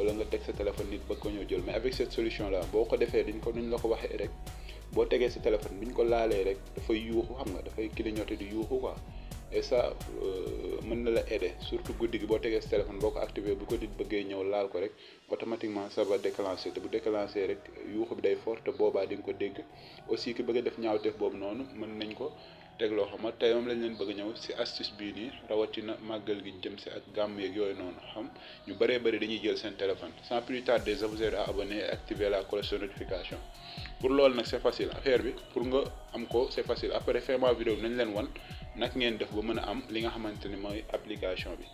wala nga teg sa téléphone nit ba ko ñëw jël mais avec cette solution là boo ko defee diñ ko nuñ la ko waxee rek boo tegee sa téléphone bi ñu ko laalee rek dafay yuuxu xam nga dafay clignoter di yuuxu quoi et ça euh, mën na la aider surtout guddi gi boo tegee téléphone boo ko activé bu ko di bëggee ñëw laal ko rek automatiquement ça va déclencher te bu déclencher rek yuuxu bi day fort te boobaa di nga ko dégg aussi ki bëgg a def ñaawteef boobu noonu mën nañ ko. teg loxo ma tey moom lañ leen bëgg ñëw si astuce bii nii rawatina màggal gi jëm si ak gàmm yeeg yooyu noonu xam ñu bëree bëri dañuy jël seen téléphone sans plus tarder je vous aide à abonner et activer la cloche de notification pour loolu nag c'est facile affaire bi pour nga am ko c'est facile après fin ma bi nañ leen wan nag ngeen def ba mën a am li nga xamante ni mooy application bi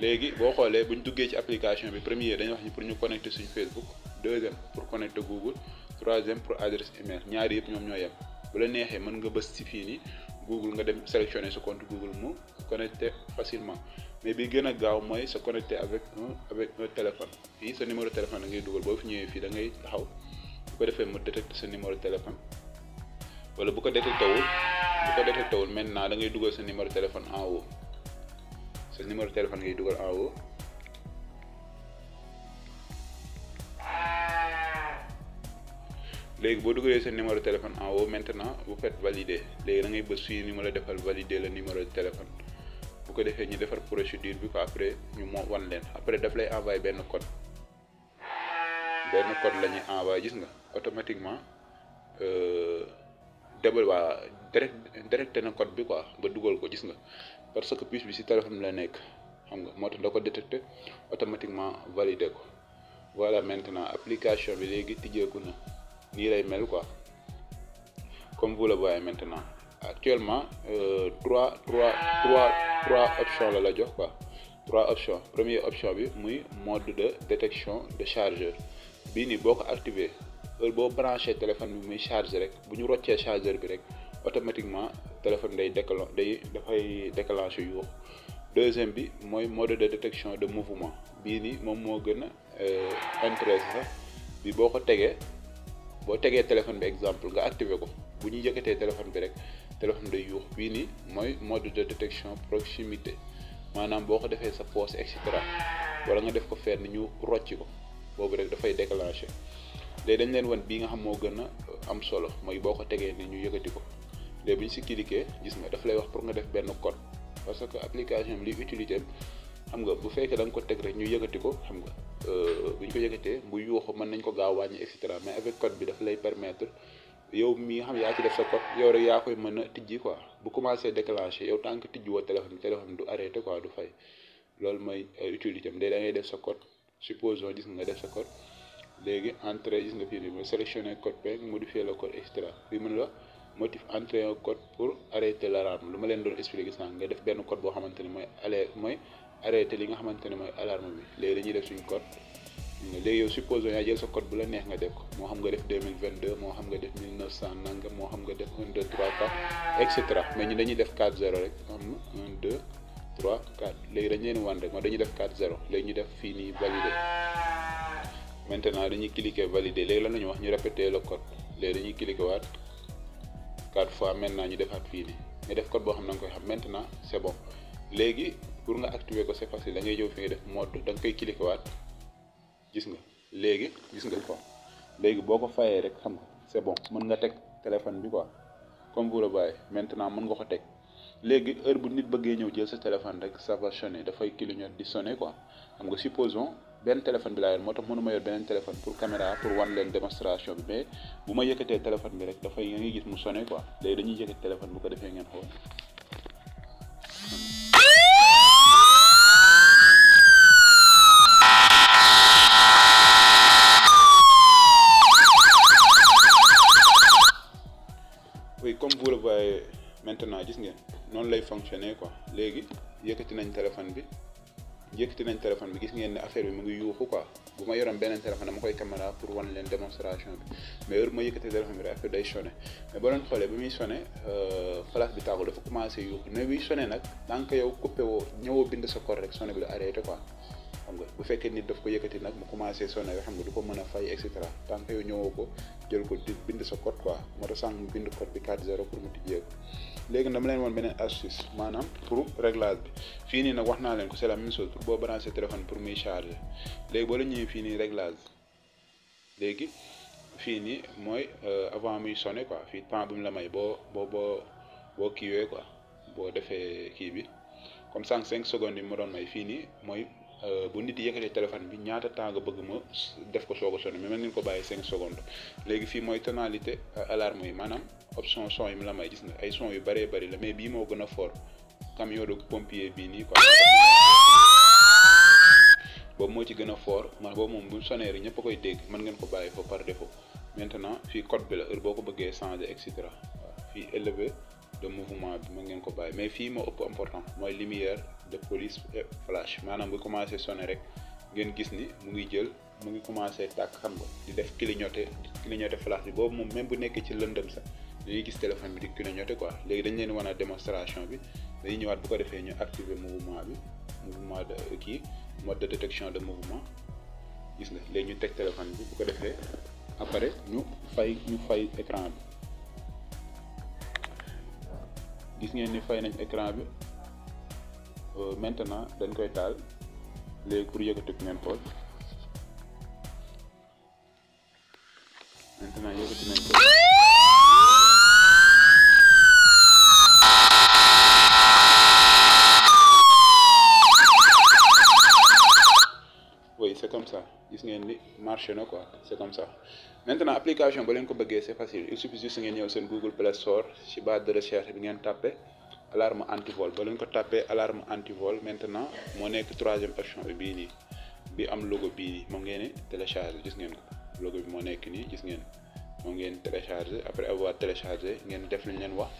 léegi boo xoolee bu ñu duggee ci application bi premier dañuy wax ni pour ñu connecter suñu Facebook deuxième pour connecter Google troisième pour adresse email ñaari yëpp ñoom ñoo yem bu neexee mën nga bës ci fii Google nga dem sélectionner sa compte Google mu connecté facilement mais bi gën a gaaw mooy sa connecté avec un avec un téléphone fii sa numéro téléphone da ngay dugal boo fi ñëwee fii da taxaw bu ko defee mu détecte sa numéro téléphone wala bu ko détecté wul bu ko détecté wul maintenant da dugal sa numéro téléphone en haut sa numéro téléphone ngay dugal en haut. léegi boo dugalee sa numéro téléphone en haut maintenant vous faites valider léegi da ngay bës fii defal ma la defal numéro de téléphone bu ko defee ñu defar procédure bi ko après ñu moo wan leen après daf lay envoyé benn code benn code la ñuy envoyé gis nga automatiquement euh, débal waa direct directe na code bi quoi ba dugal ko gis nga parce que puce bi ci téléphone la nekk xam nga moo tax da ko détecté automatiquement validé ko voilà maintenant application bi léegi tijjeeku lii mel quoi comme vous le voyez maintenant actuellement euh, trois trois trois trois options la la jox quoi trois options première option bi muy mode de détection de chargeur bini ni boko activer activé heure boo brancher téléphone bi muy charger rek buñu ñu chargeur bi rek automatiquement téléphone day déclen day fay déclencher yu deuxième bi moy mode de détection de mouvement bini mon mom mo gëna euh intéressé bi boo tegee téléphone bi exemple nga activé ko bu ñu yëkkatee téléphone bi rek téléphone day yuux bii nii mooy mode de détection proximité maanaam boo ko defee sa poche et cetera wala nga def ko fenn ñu rocci ko boobu rek dafay déclenché léegi dañ leen wan bii nga xam moo gën a euh, am solo mooy boo ko tegee ni ñu yëkkati ko léegi bu ñu si cliquer gis nga daf lay wax pour nga def benn code parce que application bi li utilité xam nga bu fekkee da nga ko teg rek ñu yëngati ko xam nga euh, bu ñu ko yëngatee bu yuuxu mën nañ ko gaaw wàññi et cetera mais avec code bi daf lay permettre mi nga xam yaa ci def sa code yow rek yaa koy mën a tijji quoi bu commencé déclenché yow tant que tijji woo téléphone téléphone du arrêté du fay loolu mooy euh, utilité am da ngay def sa code supposons gis nga def sa code léegi entrée gis fii nii mooy sélectionner code PIN modifier le code et cetera fii mën la motif entrée un code pour lu ma leen doon expliquer sànq nga def benn code boo xamante ni mooy aller mooy arrêté li nga xamante ne mooy alarme bi léegi dañuy def suñu code léegi yow supposé yaa jël sa code bu la neex nga def ko moo xam nga def 2022 moo xam nga def 1900 nangam moo xam nga def 1 2 mais ñu dañuy def 4 0 rek am 1 2 3 4 léegi dañ leen wan rek moo dañuy def 4 0 léegi ñu def fii nii validé maintenant dañuy cliquer validé léegi lan la ñu wax ñu répéter le code léegi dañuy cliquer waat 4 fois maintenant ñu defaat fii fini. Mais def code boo xam na nga koy xam maintenant c'est bon léegi pour nga activer ko c'est facile da ngay ñëw fi nga def mode da nga koy cliquer waat gis nga léegi gis nga ko léegi boo ko fayee rek xam nga se bon mën nga teg téléphone bi quoi comme vous le voyez maintenant mën nga ko teg léegi heure bu nit bëggee ñëw jël sa téléphone rek ça va sonner dafay clignoter di sonner ko xam nga supposons benn téléphone bi laa yor moo tax mënuma yor beneen téléphone pour caméra pour wan leen démonstration bi mais bu ma yëkkatee bi rek dafay nga ngi gis mu sonner quoi léegi dañuy yëkkati téléphone bu ko ngeen xool. oui comme vous le voyez maintenant gis ngeen noonu lay fonctionner ko léegi yëkkati nañ téléphone bi yëkkati nañ téléphone bi gis ngeen ne affaire bi mu ngi yuuxu quoi bu ma yoroon beneen téléphone pour wan leen démonstration bi mais heure ma yëkkati téléphone bi rek affaire day sonné mais boo leen xoolee bi muy sonné flash euh, bi tàggoo dafa commencé yuuxu mais buy sonné nag tant que yow coupé woo ñëwoo bind sa code rek bi la arrêté quoi. xam nga bu fekkee nit daf ko yëkkati nag mu commencé sonné xam nga du ko mën a fay et cetera tant que yow ñëwoo ko jël ko di bind sa code quoi moo tax sànq mu bind code bi 4 0 pour mu tijjee ko léegi dama leen woon beneen astuce maanaam pour réglage bi fii nii nag wax naa leen ko c'est la même chose pour boo branché téléphone pour muy charger léegi boo la ñëwee fii nii réglage léegi fii nii mooy euh, avant muy sonné quoi fii temps bi mu la may boo boo boo boo kiiwee quoi boo defee kii bi comme sànq 5 secondes yi mu doon may fii nii mooy. Euh, bu nit yëkkatee téléphone bi ñaata temps nga bëgg ma def ko soog a sonné mais mën ko bàyyi cinq secondes léegi fii mooy tonalité euh, alarme yi maanaam option son yi la may gis na ay son yu bëree bëri la bii moo gën a fort camion de pompier bii nii quoi. boobu moo ci gën a fort man boobu moom bu sonné rek ñëpp koy dégg mën ngeen ko bàyyi fa par défaut maintenant fii code bi boo ko bëggee changer et cetera waaw fii élevé de mouvement bi ngeen ko bàyyi mais fii moo ëpp important mooy lumière. de police eh, flash manam bu commencé sonner. rek ngeen gis ni mu ngi jël mu ngi commencé di def flash même bu nekkee ci lendeum sa dañuy gis téléphone bi di quoi les dañ leen démonstration bi dañuy ñëwaat bu ko ñu activer mouvement mouvement de euh, mode de détection de mouvement gis nga léegi téléphone bi bu ko defee après ñu écran bi gis ngeen ni écran Euh, maintenant dañ koy taal léegi pour yëkkati ngeen xool maintenant yëkkati nañ ko oui c'est comme ça gis ngeen ni marché na quoi c'est comme ça maintenant application ba leen ko bëggee c'est facile il suffit ngeen ñëw seen Google Play Store ci barre de recherche bi ngeen tàppe alarme antivol ba leen ko tàppee alarme antivol maintenant moo nekk troisième option bi bii nii bi am logo bii nii moom ngeen télécharge gis ngeen ko logo bi moo nekk nii gis ngeen moom ngeen télécharge après avoir téléchargé ngeen def li leen wax